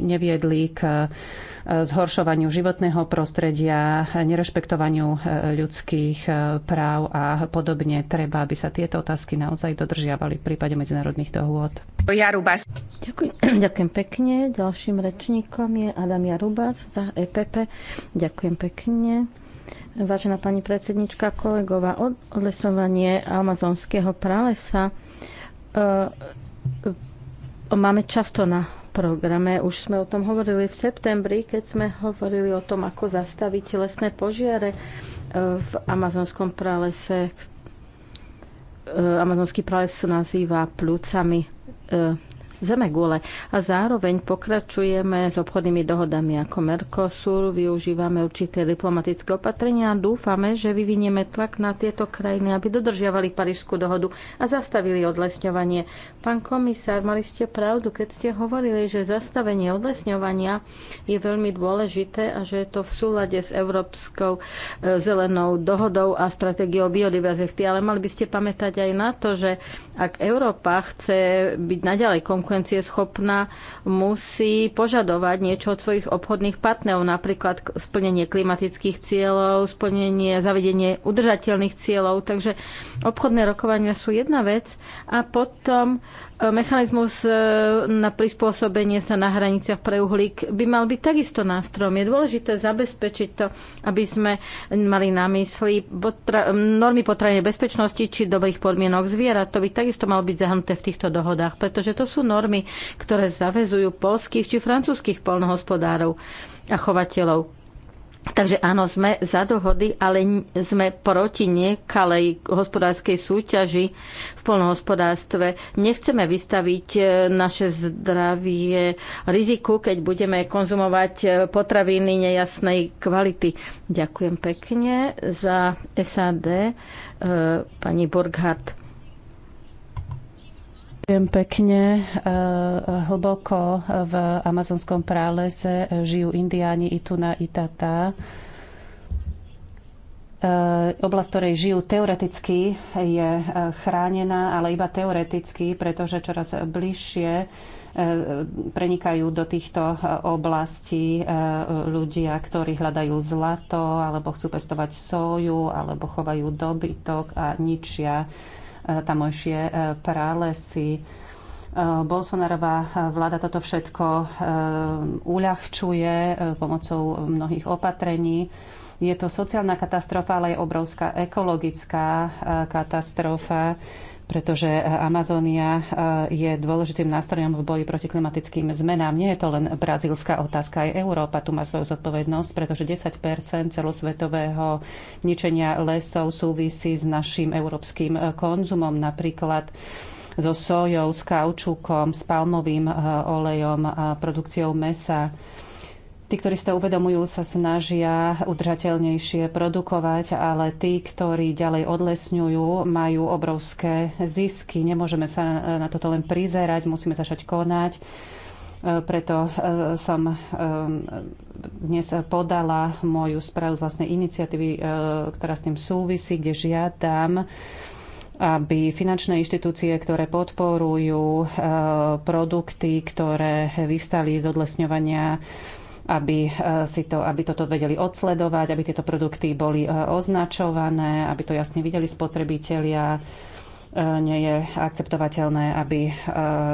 Speaker 2: neviedli k e, zhoršovaniu životného prostredia, nerešpektovaniu e, ľudských práv a podobne. Treba, aby sa tieto otázky naozaj dodržiavali v prípade medzinárodných dohôd. Jarubas. Ďakujem, ďakujem pekne. Ďalším rečníkom je Adam
Speaker 4: Jarubas za EPP. Ďakujem pekne. Vážená pani predsednička, kolegová, odlesovanie amazonského pralesa e, máme často na programe. Už sme o tom hovorili v septembri, keď sme hovorili o tom, ako zastaviť lesné požiare e, v amazonskom pralese. E, amazonský prales sa nazýva plúcami Zemegule. A zároveň pokračujeme s obchodnými dohodami ako Mercosur, využívame určité diplomatické opatrenia a dúfame, že vyvinieme tlak na tieto krajiny, aby dodržiavali Parížskú dohodu a zastavili odlesňovanie. Pán komisár, mali ste pravdu, keď ste hovorili, že zastavenie odlesňovania je veľmi dôležité a že je to v súlade s Európskou e, zelenou dohodou a stratégiou biodiverzity. Ale mali by ste pamätať aj na to, že ak Európa chce byť naďalej konkurenčná, konkurencieschopná, musí požadovať niečo od svojich obchodných partnerov, napríklad splnenie klimatických cieľov, splnenie, zavedenie udržateľných cieľov. Takže obchodné rokovania sú jedna vec a potom E, mechanizmus e, na prispôsobenie sa na hraniciach pre uhlík by mal byť takisto nástrojom. Je dôležité zabezpečiť to, aby sme mali na mysli potra- normy potravinej bezpečnosti či dobrých podmienok zvierat. To by takisto malo byť zahrnuté v týchto dohodách, pretože to sú normy, ktoré zavezujú polských či francúzských polnohospodárov a chovateľov Takže áno, sme za dohody, ale sme proti nekalej hospodárskej súťaži v polnohospodárstve. Nechceme vystaviť e, naše zdravie riziku, keď budeme konzumovať e, potraviny nejasnej kvality. Ďakujem pekne za SAD, e, pani Burghardt. Ďakujem
Speaker 2: pekne. E, hlboko v amazonskom prálese žijú indiáni Ituna Itata. E, Oblasť, ktorej žijú teoreticky, je e, chránená, ale iba teoreticky, pretože čoraz bližšie prenikajú do týchto oblastí ľudia, ktorí hľadajú zlato, alebo chcú pestovať soju, alebo chovajú dobytok a ničia tamojšie e, pralesy. E, Bolsonarová vláda toto všetko e, uľahčuje pomocou mnohých opatrení. Je to sociálna katastrofa, ale je obrovská ekologická katastrofa pretože eh, Amazónia eh, je dôležitým nástrojom v boji proti klimatickým zmenám. Nie je to len brazílska otázka, aj Európa tu má svoju zodpovednosť, pretože 10 celosvetového ničenia lesov súvisí s našim európskym eh, konzumom, napríklad so sojou, s kaučukom, s palmovým olejom, produkciou mesa Tí, ktorí sa uvedomujú, sa snažia udržateľnejšie produkovať, ale tí, ktorí ďalej odlesňujú, majú obrovské zisky. Nemôžeme sa na toto len prizerať, musíme začať konať. E, preto e, som e, dnes podala moju správu z vlastnej iniciatívy, ktorá s tým súvisí, kde žiadam aby finančné inštitúcie, ktoré podporujú produkty, ktoré vyvstali z odlesňovania, aby, e, si to, aby toto vedeli odsledovať, aby tieto produkty boli e, označované, aby to jasne videli spotrebitelia. E, nie je akceptovateľné, aby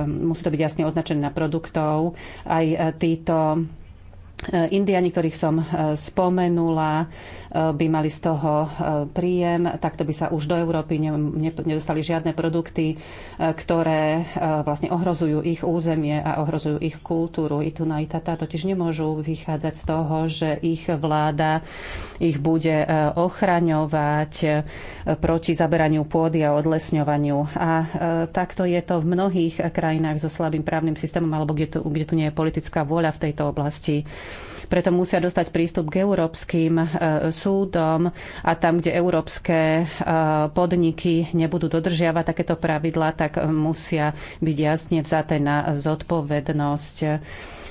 Speaker 2: musí to byť jasne označené na produktov. Aj títo Indiani, ktorých som spomenula, Eh, by mali z toho eh, príjem. Takto by sa už do Európy nedostali žiadne produkty, eh, ktoré vlastne ohrozujú ich územie a ohrozujú ich kultúru. I tu na Itata totiž nemôžu vychádzať z toho, že ich vláda ich bude ochraňovať proti zaberaniu pôdy a odlesňovaniu. A takto je to v mnohých krajinách so slabým právnym systémom alebo kde tu, kde tu nie je politická vôľa v tejto oblasti. Preto musia dostať prístup k európskym e, súdom a tam, kde európske e, podniky nebudú dodržiavať takéto pravidlá, tak e, musia byť jasne vzaté na zodpovednosť.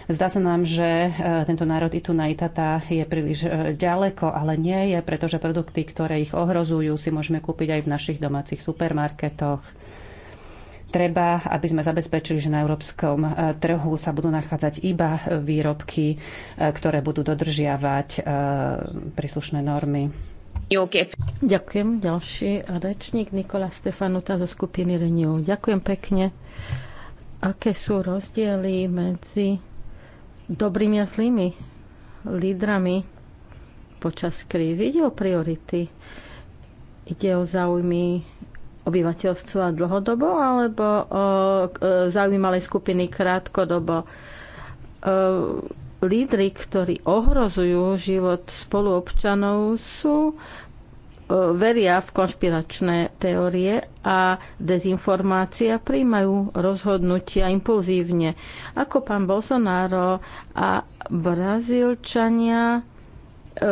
Speaker 2: Zdá sa nám, že tento národ i tu na Itata je príliš ďaleko, ale nie je, pretože produkty, ktoré ich ohrozujú, si môžeme kúpiť aj v našich domácich supermarketoch. Treba, aby sme zabezpečili, že na európskom e, trhu sa budú nachádzať iba výrobky, e, ktoré budú dodržiavať e, príslušné normy. Okay. Ďakujem.
Speaker 4: Ďalší rečník Nikola Stefanuta zo skupiny Renew. Ďakujem pekne. Aké sú rozdiely medzi dobrými a zlými lídrami počas krízy? Ide o priority, ide o záujmy obyvateľstva dlhodobo alebo o e, zaujímalej skupiny krátkodobo. E, lídry, ktorí ohrozujú život spoluobčanov, sú e, veria v konšpiračné teórie a dezinformácia príjmajú rozhodnutia impulzívne. Ako pán Bolsonaro a Brazílčania E,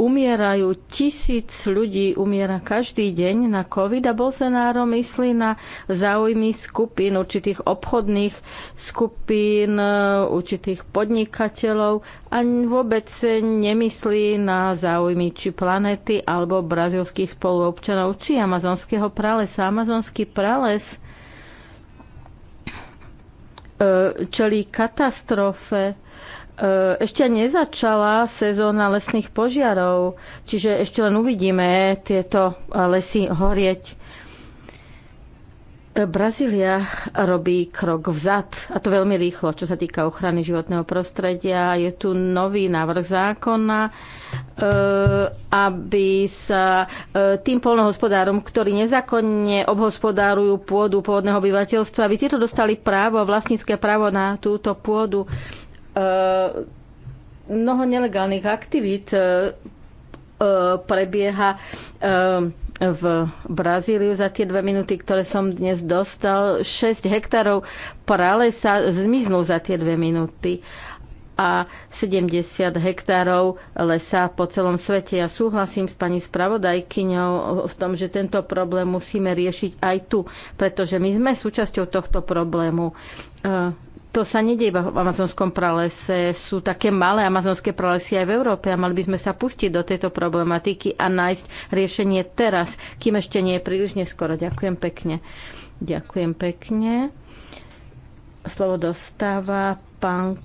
Speaker 4: umierajú tisíc ľudí, umiera každý deň na COVID a Bolsonaro myslí na záujmy skupín, určitých obchodných skupín, e, určitých podnikateľov a vôbec nemyslí na záujmy či planety alebo brazilských spoluobčanov, či amazonského pralesa. Amazonský prales e, čelí katastrofe, E, ešte nezačala sezóna lesných požiarov, čiže ešte len uvidíme tieto lesy horieť. E, Brazília robí krok vzad, a to veľmi rýchlo, čo sa týka ochrany životného prostredia. Je tu nový návrh zákona, e, aby sa tým polnohospodárom, ktorí nezákonne obhospodárujú pôdu pôvodného obyvateľstva, aby tieto dostali právo, vlastnícke právo na túto pôdu. E, mnoho nelegálnych aktivít e, e, prebieha v Brazíliu za tie dve minúty, ktoré som dnes dostal. 6 hektárov pralesa zmiznú za tie dve minúty a 70 hektárov lesa po celom svete. Ja súhlasím s pani spravodajkyňou v tom, že tento problém musíme riešiť aj tu, pretože my sme súčasťou tohto problému to sa nedie iba v amazonskom pralese. Sú také malé amazonské pralesy aj v Európe a mali by sme sa pustiť do tejto problematiky a nájsť riešenie teraz, kým ešte nie je príliš neskoro. Ďakujem pekne. Ďakujem pekne.
Speaker 2: Slovo dostáva pán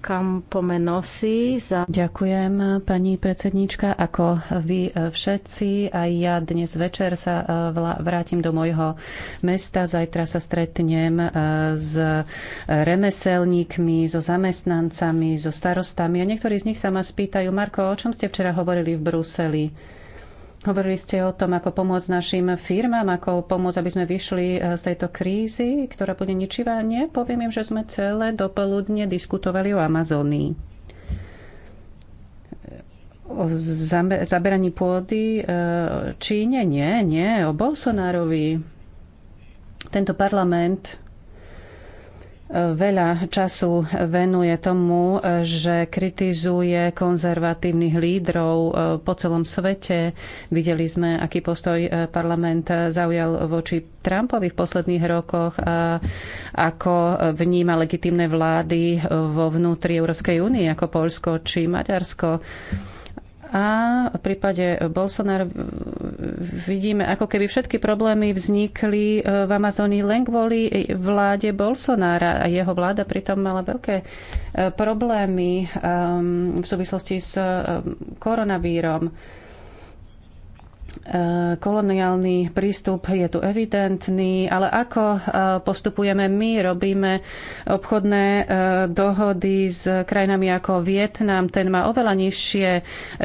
Speaker 2: Kampomenosi. Za... Ďakujem, pani predsedníčka. Ako vy e, všetci, aj ja dnes večer sa e, vrátim do mojho mesta. Zajtra sa stretnem e, s remeselníkmi, so zamestnancami, so starostami. A niektorí z nich sa ma spýtajú, Marko, o čom ste včera hovorili v Bruseli? Hovorili ste o tom, ako pomôcť našim firmám, ako pomôcť, aby sme vyšli e, z tejto krízy, ktorá bude ničivá. Nie, poviem im, že sme celé dopoludne diskutovali o Amazónii. O zaberaní pôdy e, Číne? Nie, nie. O Bolsonárovi. Tento parlament veľa času venuje tomu, že kritizuje konzervatívnych lídrov e, po celom svete. Videli sme, aký postoj e, parlament e, zaujal voči Trumpovi v posledných rokoch a ako vníma legitimné vlády vo vnútri Európskej únie, ako Polsko či Maďarsko. A v prípade Bolsonaro vidíme, ako keby všetky problémy vznikli e, v Amazónii len kvôli vláde Bolsonára. A jeho vláda pritom mala veľké e, problémy e, v súvislosti s koronavírom. Eh, koloniálny prístup je tu evidentný, ale ako eh, postupujeme my, robíme obchodné eh, dohody s krajinami ako Vietnam, ten má oveľa nižšie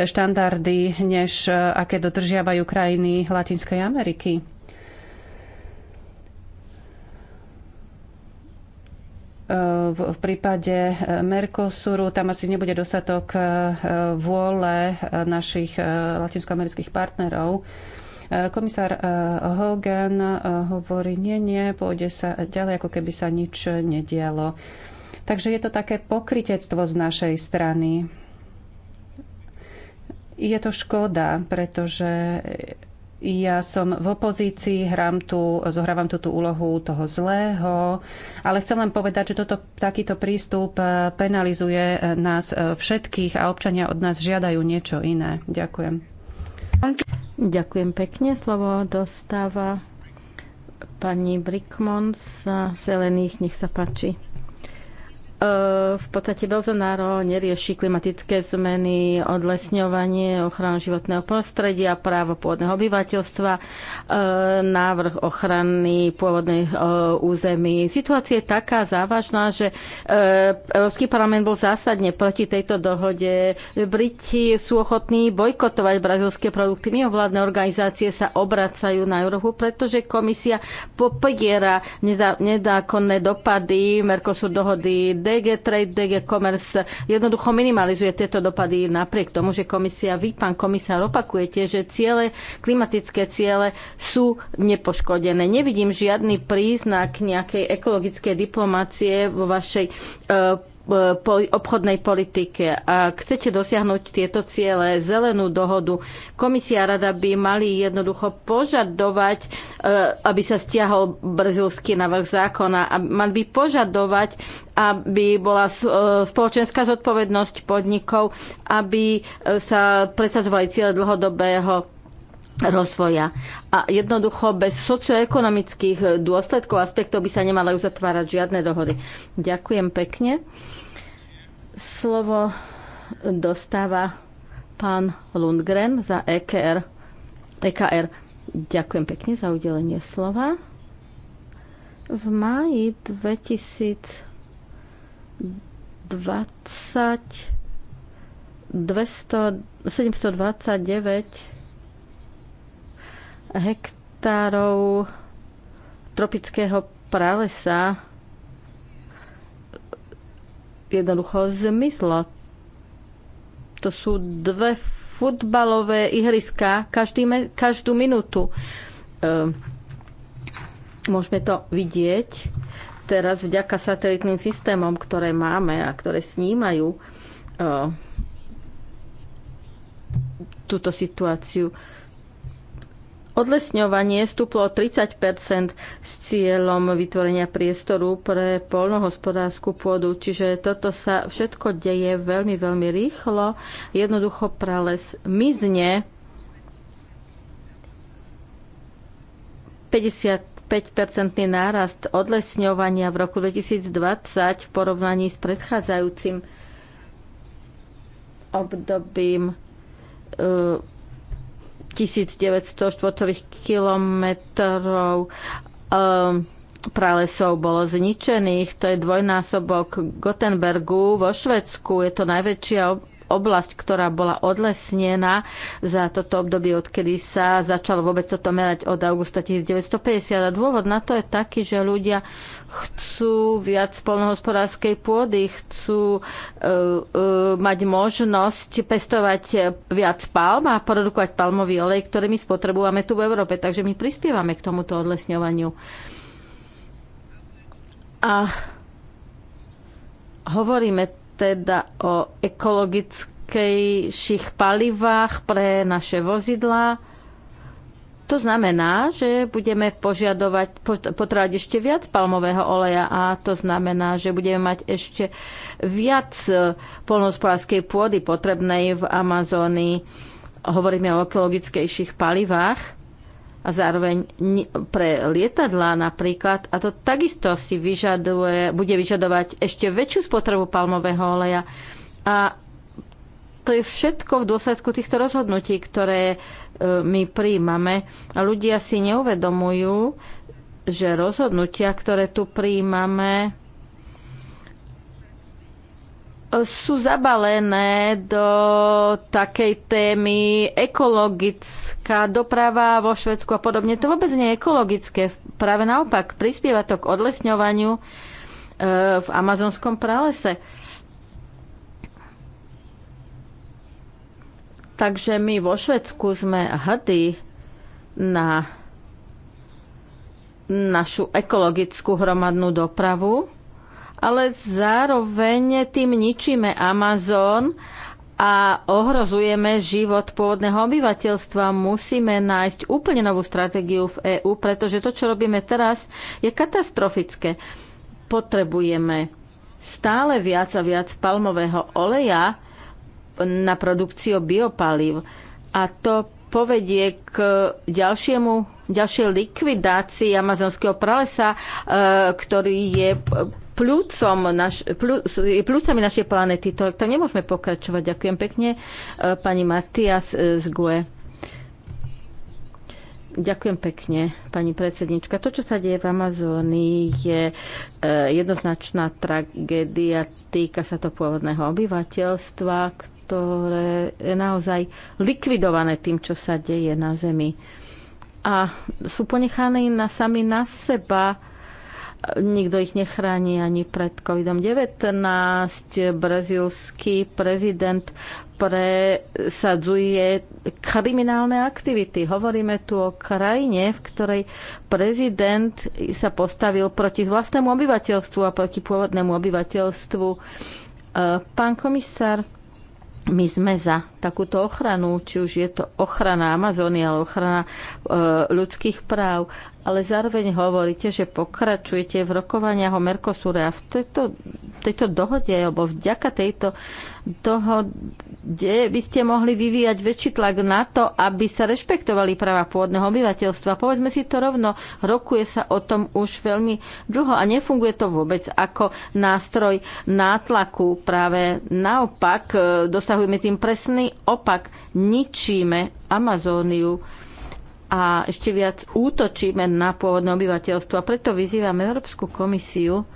Speaker 2: štandardy, než aké dodržiavajú krajiny Latinskej Ameriky. v prípade e, Mercosuru tam asi nebude dostatok e, vôle e, našich latinskoamerických partnerov. Komisár Hogan hovorí, nie, nie, pôjde sa ďalej, ako keby sa nič nedialo. Takže je to také pokritectvo z našej strany. Je to škoda, pretože ja som v opozícii, hrám tu, zohrávam túto tú úlohu toho zlého, ale chcem len povedať, že toto, takýto prístup eh, penalizuje eh, nás eh, všetkých a občania od nás žiadajú niečo iné. Ďakujem. Ďakujem pekne.
Speaker 4: Slovo dostáva pani Brickmon z Zelených. Nech sa páči. E, v podstate Bolsonaro nerieši klimatické zmeny, odlesňovanie, ochranu životného prostredia, právo pôvodného obyvateľstva, e, návrh ochrany pôvodnej e, území. Situácia je taká závažná, že Európsky parlament bol zásadne proti tejto dohode. Briti sú ochotní bojkotovať brazilské produkty. Mimovládne organizácie sa obracajú na Európu, pretože komisia popiera nezákonné dopady Mercosur dohody DG Trade, DG Commerce jednoducho minimalizuje tieto dopady napriek tomu, že komisia, vy, pán komisár, opakujete, že ciele, klimatické ciele sú nepoškodené. Nevidím žiadny príznak nejakej ekologickej diplomácie vo vašej e, E, obchodnej politike. A chcete dosiahnuť tieto ciele, zelenú dohodu, komisia rada by mali jednoducho požadovať, e, aby sa stiahol brazilský návrh zákona a mali by požadovať, aby bola e, spoločenská zodpovednosť podnikov, aby sa presadzovali ciele dlhodobého rozvoja. A jednoducho bez socioekonomických dôsledkov aspektov by sa nemali uzatvárať žiadne dohody. Ďakujem pekne. Slovo dostáva pán Lundgren za EKR. EKR. Ďakujem pekne za udelenie slova. V máji 2020 200, 729 hektárov tropického pralesa jednoducho zmizlo. To sú dve futbalové ihriska každý, každú minútu. E, môžeme to vidieť teraz vďaka satelitným systémom, ktoré máme a ktoré snímajú ehm, túto situáciu. Odlesňovanie stúplo o 30 s cieľom vytvorenia priestoru pre polnohospodárskú pôdu, čiže toto sa všetko deje veľmi, veľmi rýchlo. Jednoducho prales mizne 55-percentný nárast odlesňovania v roku 2020 v porovnaní s predchádzajúcim obdobím. E, 1900 kilometrov um, pralesov bolo zničených. To je dvojnásobok Gotenbergu vo Švedsku. Je to najväčšia oblasť, ktorá bola odlesnená za toto obdobie, odkedy sa začalo vôbec toto merať od augusta 1950. A dôvod na to je taký, že ľudia chcú viac polnohospodárskej pôdy, chcú uh, uh, mať možnosť pestovať viac palm a produkovať palmový olej, ktorý my spotrebujeme tu v Európe. Takže my prispievame k tomuto odlesňovaniu. A hovoríme teda o ekologickejších palivách pre naše vozidlá. To znamená, že budeme požiadovať, potrebovať ešte viac palmového oleja a to znamená, že budeme mať ešte viac e, polnohospodárskej pôdy potrebnej v Amazónii. Hovoríme o ekologickejších palivách a zároveň pre lietadlá napríklad. A to takisto si vyžaduje, bude vyžadovať ešte väčšiu spotrebu palmového oleja. A to je všetko v dôsledku týchto rozhodnutí, ktoré e, my príjmame. A ľudia si neuvedomujú, že rozhodnutia, ktoré tu príjmame, sú zabalené do takej témy ekologická doprava vo Švedsku a podobne. To vôbec nie je ekologické. Práve naopak, prispieva to k odlesňovaniu e, v amazonskom pralese. Takže my vo Švedsku sme hrdí na našu ekologickú hromadnú dopravu ale zároveň tým ničíme Amazon a ohrozujeme život pôvodného obyvateľstva. Musíme nájsť úplne novú stratégiu v EÚ, pretože to, čo robíme teraz, je katastrofické. Potrebujeme stále viac a viac palmového oleja na produkciu biopalív. A to povedie k ďalšiemu, ďalšej likvidácii amazonského pralesa, e, ktorý je plúcom naš, plú, plúcami našej planety. To, to nemôžeme pokračovať. Ďakujem pekne e, pani Matias e, z GUE. Ďakujem pekne, pani predsednička. To, čo sa deje v Amazónii, je e, jednoznačná tragédia. Týka sa to pôvodného obyvateľstva, ktoré je naozaj likvidované tým, čo sa deje na Zemi. A sú ponechaní na sami na seba Nikto ich nechráni ani pred COVID-19. Brazílsky prezident presadzuje kriminálne aktivity. Hovoríme tu o krajine, v ktorej prezident sa postavil proti vlastnému obyvateľstvu a proti pôvodnému obyvateľstvu. E, pán komisár, my sme za takúto ochranu, či už je to ochrana Amazónie, ale ochrana e, ľudských práv ale zároveň hovoríte, že pokračujete v rokovaniach o Mercosure a v tejto, tejto dohode, alebo vďaka tejto dohode by ste mohli vyvíjať väčší tlak na to, aby sa rešpektovali práva pôvodného obyvateľstva. Povedzme si to rovno, rokuje sa o tom už veľmi dlho a nefunguje to vôbec ako nástroj nátlaku. Práve naopak, e, dosahujeme tým presný opak, ničíme Amazóniu a ešte viac útočíme na pôvodné obyvateľstvo. A preto vyzývame Európsku komisiu,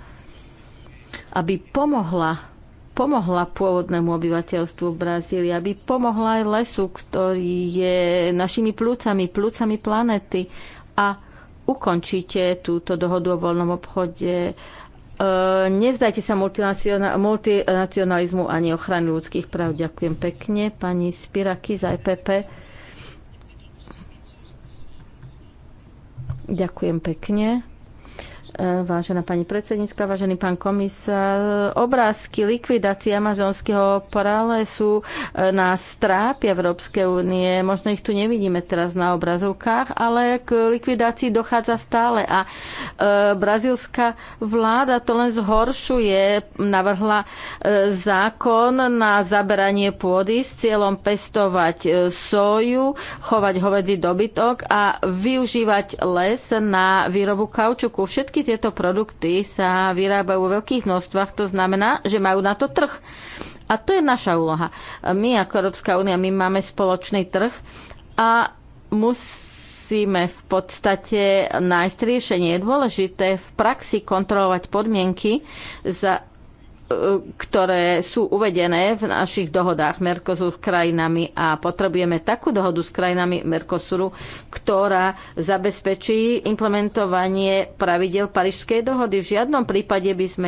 Speaker 4: aby pomohla pomohla pôvodnému obyvateľstvu v Brazílii, aby pomohla aj lesu, ktorý je našimi plúcami, plúcami planety a ukončíte túto dohodu o voľnom obchode. E, nevzdajte sa multinacionalizmu ani ochrany ľudských práv. Ďakujem pekne pani Spiraky z IPP. E Ďakujem pekne. Vážená pani predsednička, vážený pán komisár, obrázky likvidácie amazonského pralesu e, na stráp Európskej únie. Možno ich tu nevidíme teraz na obrazovkách, ale k likvidácii dochádza stále a e, brazilská vláda to len zhoršuje. Navrhla e, zákon na zaberanie pôdy s cieľom pestovať soju, chovať hovedzí dobytok a využívať les na výrobu kaučuku. Všetky tieto produkty sa vyrábajú vo veľkých množstvách, to znamená, že majú na to trh. A to je naša úloha. My ako Európska únia, my máme spoločný trh a musíme v podstate nájsť riešenie. Je dôležité v praxi kontrolovať podmienky, za ktoré sú uvedené v našich dohodách Mercosur s krajinami a potrebujeme takú dohodu s krajinami Mercosuru, ktorá zabezpečí implementovanie pravidel Parížskej dohody. V žiadnom prípade by sme